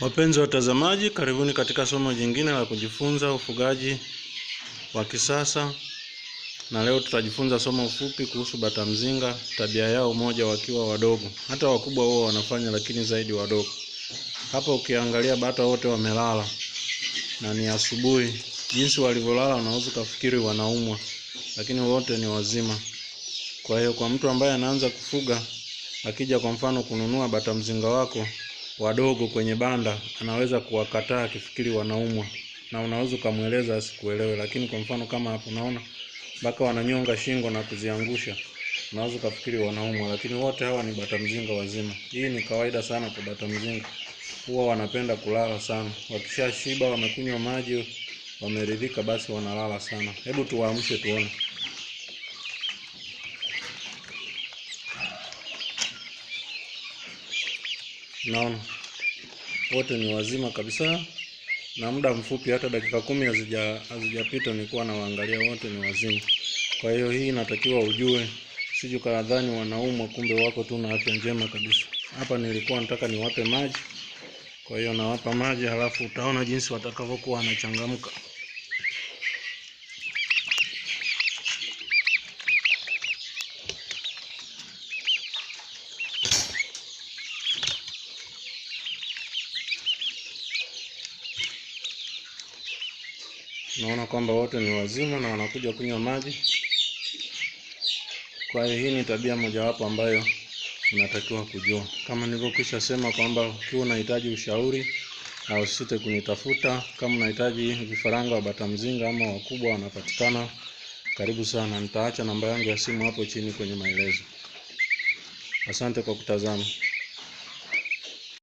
Wapenzi watazamaji, karibuni katika somo jingine la kujifunza ufugaji wa kisasa, na leo tutajifunza somo fupi kuhusu bata mzinga, tabia yao moja wakiwa wadogo. Hata wakubwa huwa wanafanya, lakini zaidi wadogo. Hapa ukiangalia bata wote wamelala na ni asubuhi. Jinsi walivyolala, unaweza kufikiri wanaumwa, lakini wote ni wazima. Kwa hiyo, kwa mtu ambaye anaanza kufuga, akija kwa mfano kununua bata mzinga wako wadogo kwenye banda anaweza kuwakataa akifikiri wanaumwa, na unaweza ukamweleza asikuelewe. Lakini kwa mfano kama hapo, unaona mpaka wananyonga shingo na kuziangusha, unaweza ukafikiri wanaumwa, lakini wote hawa ni bata mzinga wazima. Hii ni kawaida sana kwa bata mzinga, huwa wanapenda kulala sana. Wakishashiba, wamekunywa maji, wameridhika, basi wanalala sana. Hebu tuwaamshe tuone. Naona wote ni wazima kabisa, na muda mfupi, hata dakika kumi hazijapita nilikuwa nawaangalia wote ni wazima. Kwa hiyo hii inatakiwa ujue, siju kadhani wanaumwa, kumbe wako tu na afya njema kabisa. Hapa nilikuwa nataka niwape maji, kwa hiyo nawapa maji, halafu utaona jinsi watakavyokuwa wanachangamka. Naona kwamba wote ni wazima na wanakuja kunywa maji. Kwa hiyo hii ni tabia mojawapo ambayo unatakiwa kujua. Kama nilivyokwisha sema kwamba ukiwa unahitaji ushauri na usite kunitafuta. Kama unahitaji vifaranga wa bata mzinga ama wakubwa, wanapatikana karibu sana. Nitaacha namba yangu ya simu hapo chini kwenye maelezo. Asante kwa kutazama.